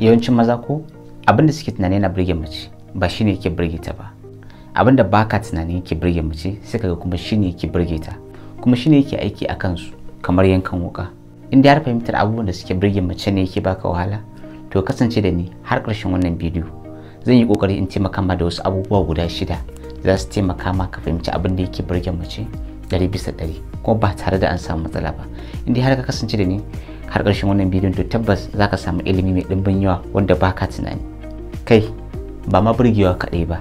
yawancin maza ko abin da suke tunani na birge mace ba shine yake birge ta ba abin da baka tunani yake birge mace sai kaga kuma shine yake birge ta kuma shine yake aiki a kansu kamar yankan wuka in da har fahimtar abubuwan da suke birge mace ne yake baka wahala to kasance da ni har karshen wannan bidiyo zan yi kokari in taimaka ma da wasu abubuwa guda shida za su taimaka ma ka fahimci abin da yake birge mace ɗari bisa ɗari kuma ba tare da an samu matsala ba in har ka kasance da ni har ƙarshen wannan bidiyon to tabbas za ka samu ilimi mai ɗimbin yawa wanda ba ka tunani kai ba ma burgewa kaɗai ba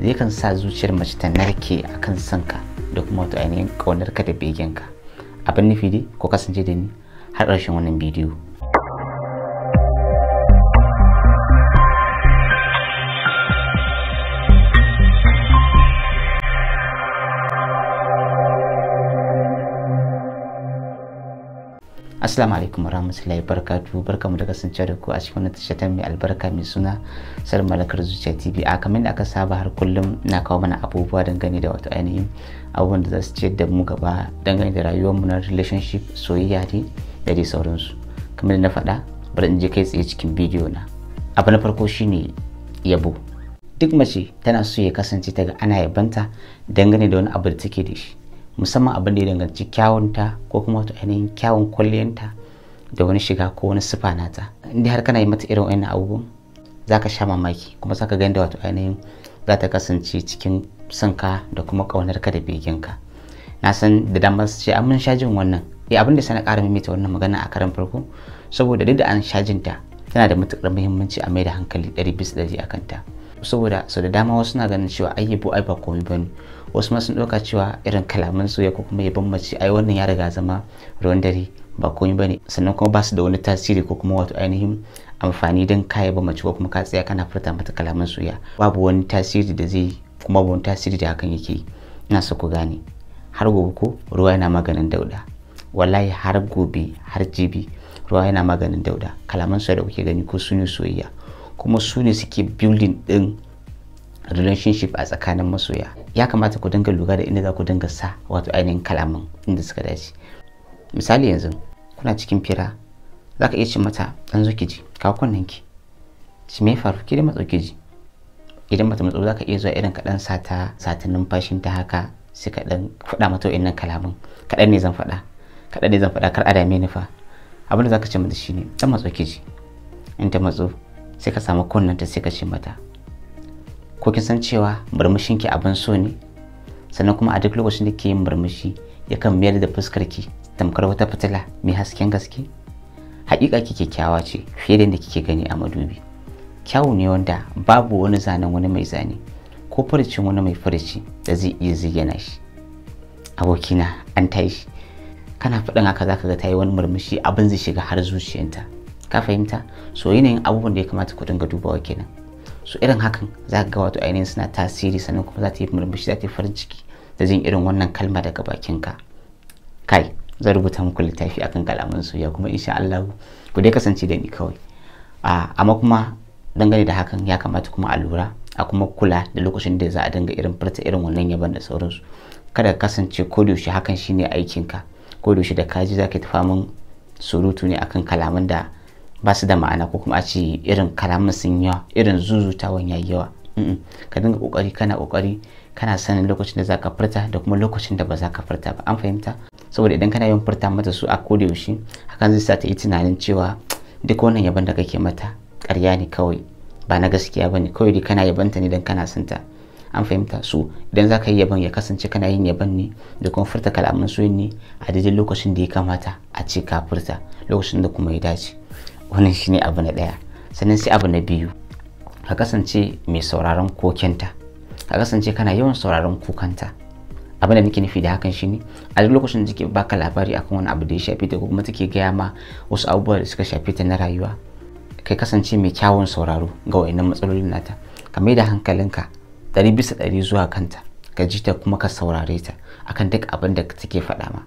zai kan sa zuciyar mace ta narke a kan ka da kuma wato ainihin ƙaunar ka da begenka abin nufi dai ko kasance da ni har ƙarshen wannan bidiyo Assalamu alaikum warahmatullahi barka mu da kasancewa da ku a cikin wannan tashar ta mai albarka mai suna sar malakar zuciya TV a kamar da aka saba har kullum na kawo mana abubuwa dangane da wato ainihin abubuwan da za su ciyar da mu gaba dangane da rayuwar mu na relationship soyayya ne da dai sauransu kamar da na faɗa bari in je kai tsaye cikin bidiyo na abu na farko shine yabo duk mace tana so ya kasance ta ga ana yabanta dangane da wani abu da take da shi musamman abin da ya danganci kyawunta ko kuma wata ainihin kyawun kwalliyanta da wani shiga ko wani sifa nata inda har kana yi mata irin wani abubuwan za ka sha mamaki kuma za ka gani da wato ainihin za ta kasance cikin sanka da kuma ka da beginka na san da dama su ce an mun shajin wannan ya eh, abin da sana ƙara mimita wannan magana a karan farko saboda duk da an shajinta tana da matuƙar muhimmanci a mai da hankali ɗari bisa ɗari a kanta saboda sau da dama wasu na ganin cewa ayyabo ai ba komai ba ne wasu ma sun ɗauka cewa irin kalaman soyayya ko kuma yabon mace ai wannan ya riga zama ruwan dare ba komai ne. sannan kuma ba su da wani tasiri ko kuma wato ainihin amfani don ka yaba mace ko kuma ka tsaya kana furta mata kalaman soyayya babu wani tasiri da zai kuma babu wani tasiri da hakan yake ina so ku gane har gobe ko ruwa yana maganin dauda wallahi har gobe har jibi ruwa yana maganin dauda kalaman soyayya da kuke gani ko su ne soyayya kuma su ne suke building din relationship a tsakanin masoya ya kamata ku dinga lura da inda za ku dinga sa wato ainihin kalaman inda suka dace misali yanzu kuna cikin fira za ka iya ce mata dan zo ji ka kunnen ki ci me faru ki da matso ki ji idan mata matso za ka iya zuwa irin kaɗan sata sata numfashin ta haka sai ka dan faɗa mata wa'innan kalamin, kaɗan ne zan faɗa kaɗan ne zan faɗa kar a dame ni fa abin da za ka ce mata shine dan matso ki ji in ta matso sai ka samu kunnen ta sai ka ce mata ko kin san cewa murmushin ki abin so ne sannan kuma a duk lokacin da kike yin murmushi yakan mayar da fuskar ki tamkar wata fitila mai hasken gaske hakika ki kyakkyawa ce fiye da yadda kike gani a madubi kyawu ne wanda babu wani zanen wani mai zane ko furicin wani mai furici da zai iya zigyana shi abokina an tayi shi kana faɗin haka zaka ga ta yi wani murmushi abin zai shiga har zuciyarta ka fahimta so yanayin abubuwan da ya kamata ku dinga dubawa kenan su irin hakan za ga wato ainihin suna tasiri sannan kuma za ta yi murmushi za ta yi farin ciki da jin irin wannan kalma daga bakin ka kai zan rubuta muku littafi akan kalaman su ya kuma insha Allah ku dai kasance da ni kawai amma kuma dangane da hakan ya kamata kuma a lura a kuma kula da lokacin da za a dinga irin furta irin wannan yaban da sauransu kada ka kasance ko da yaushe hakan shine aikinka ko da yaushe da kaji zaka tafa min surutu ne akan kalaman da ba su da ma'ana ko kuma a ce irin kalaman sun yawa irin zuzutawan yayi yawa ka dinga kokari kana kokari kana sanin lokacin da za ka furta da kuma lokacin da ba za ka furta ba an fahimta saboda idan kana yin furta mata su a koda yaushe hakan zai sa ta yi tunanin cewa duk wannan yaban da kake mata karya ne kawai ba na gaskiya ba ne kawai dai kana ta ne don kana son ta an fahimta su idan za ka yi yaban ya kasance kana yin yaban ne da kuma furta kalaman soyayya ne a daidai lokacin da ya kamata a ce ka furta lokacin da kuma ya dace wannan shi ne abu na ɗaya sannan sai abu na biyu ka kasance mai sauraron kokenta ka kasance kana yawan sauraron kukanta abin da nake nufi da hakan shine a duk lokacin da take baka labari akan wani abu da ya shafe ta ko kuma take gaya ma wasu abubuwa da suka shafe ta na rayuwa kai kasance mai kyawun sauraro ga wayannan matsalolin nata ka mai da hankalinka ɗari bisa ɗari zuwa kanta ka ji ta kuma ka saurare ta akan duk abin da take faɗa ma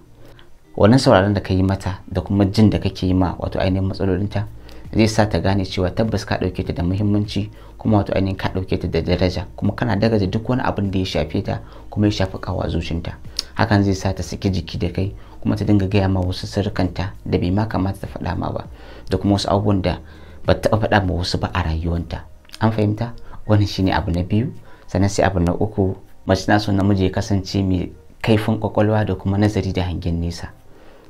wannan sauraron da ka yi mata da kuma jin da kake yi ma wato ainihin matsalolinta zai sa ta gane cewa tabbas ka ɗauke ta da muhimmanci kuma wato ainihin ka ɗauke ta da daraja kuma kana daraja duk wani abin da ya shafe ta kuma ya shafi kawa zucinta hakan zai sa ta saki jiki da kai kuma ta dinga gaya ma wasu sirrikanta da bai ma kamata ta faɗa ma ba da kuma wasu abubuwan da ba ta faɗa ma wasu ba a rayuwanta an fahimta wannan shine abu na biyu sannan sai abu na uku mace na so namiji ya kasance mai kaifin kwakwalwa da kuma nazari da hangen nesa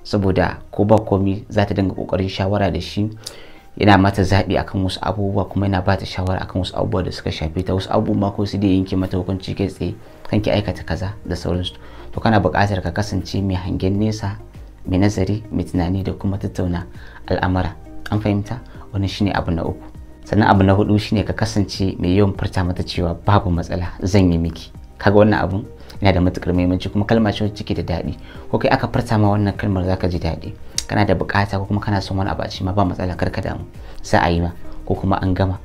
saboda ko ba komi za ta dinga kokarin shawara da shi yana mata zaɓi akan wasu abubuwa kuma yana ba ta shawara akan wasu abubuwa da suka shafe ta wasu abubuwa ko su da yanke mata hukunci kai tsaye kan ki aikata kaza da sauransu to kana buƙatar ka kasance mai hangen nesa mai nazari mai tunani da kuma tattauna al'amara an fahimta wani shine abu na uku sannan abu na hudu shine ka kasance mai yawan furta mata cewa babu matsala zan yi miki kaga wannan abun Ina da matukar muhimmanci kuma kalma ce wacce da daɗi ko kai aka farta ma wannan kalmar zaka ji daɗi kana da bukata ko kuma kana son wani abu a ma ba matsala kar ka damu sa a yi ma ko kuma an gama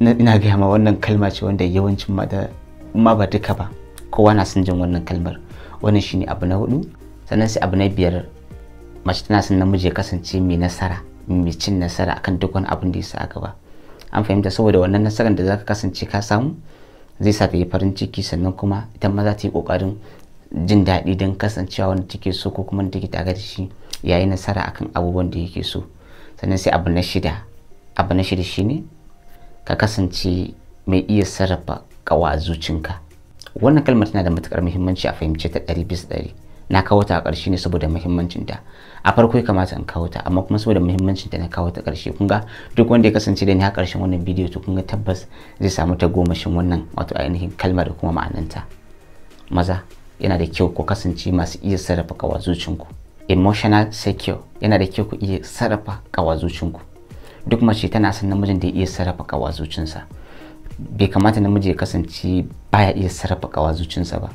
ina gaya ma wannan kalma ce wanda yawancin da ma ba duka ba kowa na son jin wannan kalmar wannan shine abu na hudu sannan sai abu na biyar mace tana son namiji ya kasance mai nasara mai cin nasara akan duk wani abin da ya sa a gaba an fahimta saboda wannan nasarar da zaka kasance ka samu zai sa ta yi farin ciki sannan kuma ita ma ta yi kokarin jin daɗi don kasancewa wanda take so ko kuma take tare da shi yayi nasara akan abubuwan da yake so sannan sai abu na shida abu na shida shine ka kasance mai iya sarrafa kawa zucinka wannan kalmar tana da matukar muhimmanci a fahimce ta ɗari bisa ɗari na kawo ta a ƙarshe ne saboda ta. a farko ya kamata in kawo ta amma kuma saboda ta na kawo ta ƙarshe kun ga duk wanda ya kasance da ni a ƙarshen wannan bidiyo to kun ga tabbas zai samu ta gomashin wannan wato ainihin kalma da kuma ma'ananta maza yana da kyau ku kasance masu iya sarrafa kawazucinku emotional secure yana da kyau ku iya sarrafa kawazucinku duk mace tana son namijin da ya iya sarrafa kawazucinsa bai kamata namiji ya kasance baya iya sarrafa kawazucinsa ba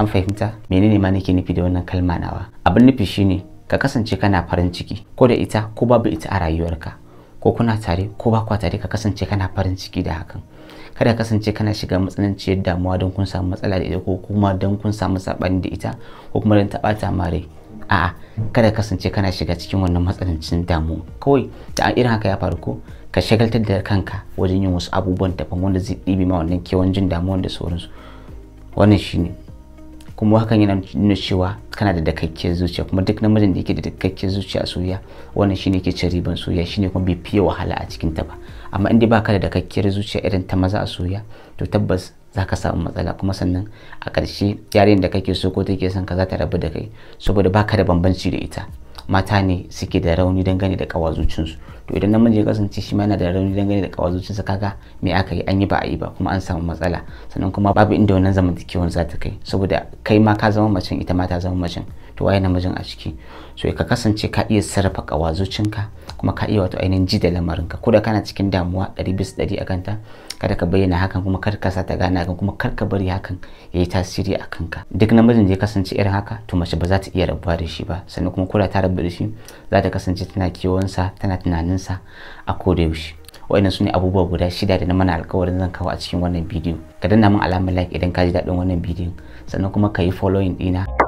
an fahimta menene ma nake nufi da wannan kalma nawa abin nufi shine ka kasance kana farin ciki ko da ita ko babu ita a rayuwarka ko kuna tare ko ba kwa tare ka kasance kana farin ciki da hakan kada kasance kana shiga matsananciyar damuwa don kun samu matsala da ita ko kuma don kun samu sabani da ita ko kuma don ta mare a'a kada kasance kana shiga cikin wannan matsanancin damuwa kawai ta irin haka ya faru ko ka shagaltar da kanka wajen yin wasu abubuwan daban wanda zai ɗibi ma wannan kewan jin damuwa da sauransu wannan shine kuma hakan yana nuna cewa kana da dakakkiyar zuciya kuma duk namijin da yake da dakakkiyar zuciya a soyayya wannan shine ke cin riban soyayya shine kuma bai fiye wahala a cikin ta ba amma in dai baka da dakakkiyar zuciya irin ta maza a soyayya to tabbas zaka samu matsala kuma sannan a ƙarshe yarin da kake so ko take son ka za ta rabu da kai saboda baka da bambanci da ita mata ne suke da rauni dangane da su to idan namiji ya kasance shi ma yana da rauni dangane da kawar sa kaga me aka yi an yi ba a yi ba kuma an samu matsala sannan kuma babu inda wannan zamantakewar za ta kai saboda kai ma ka zama macen ita ma ta zama macen to waye namijin a ciki so ka kasance ka iya sarrafa ka. kuma ka iya wato ainihin ji da lamarinka ko da kana cikin damuwa ɗari bis ɗari a kanta kada ka bayyana hakan kuma kar ka sa ta gane hakan kuma kar ka bari hakan ya yi tasiri a kanka duk namijin da ya kasance irin haka to mace ba za ta iya rabuwa da shi ba sannan kuma kula ta rabu da shi za ta kasance tana sa tana tunanin sa a koda yaushe wa'annan su ne abubuwa guda shida da na mana alkawarin zan kawo a cikin wannan bidiyo ka danna min alamar like idan ka ji daɗin wannan bidiyon sannan kuma ka yi following ɗina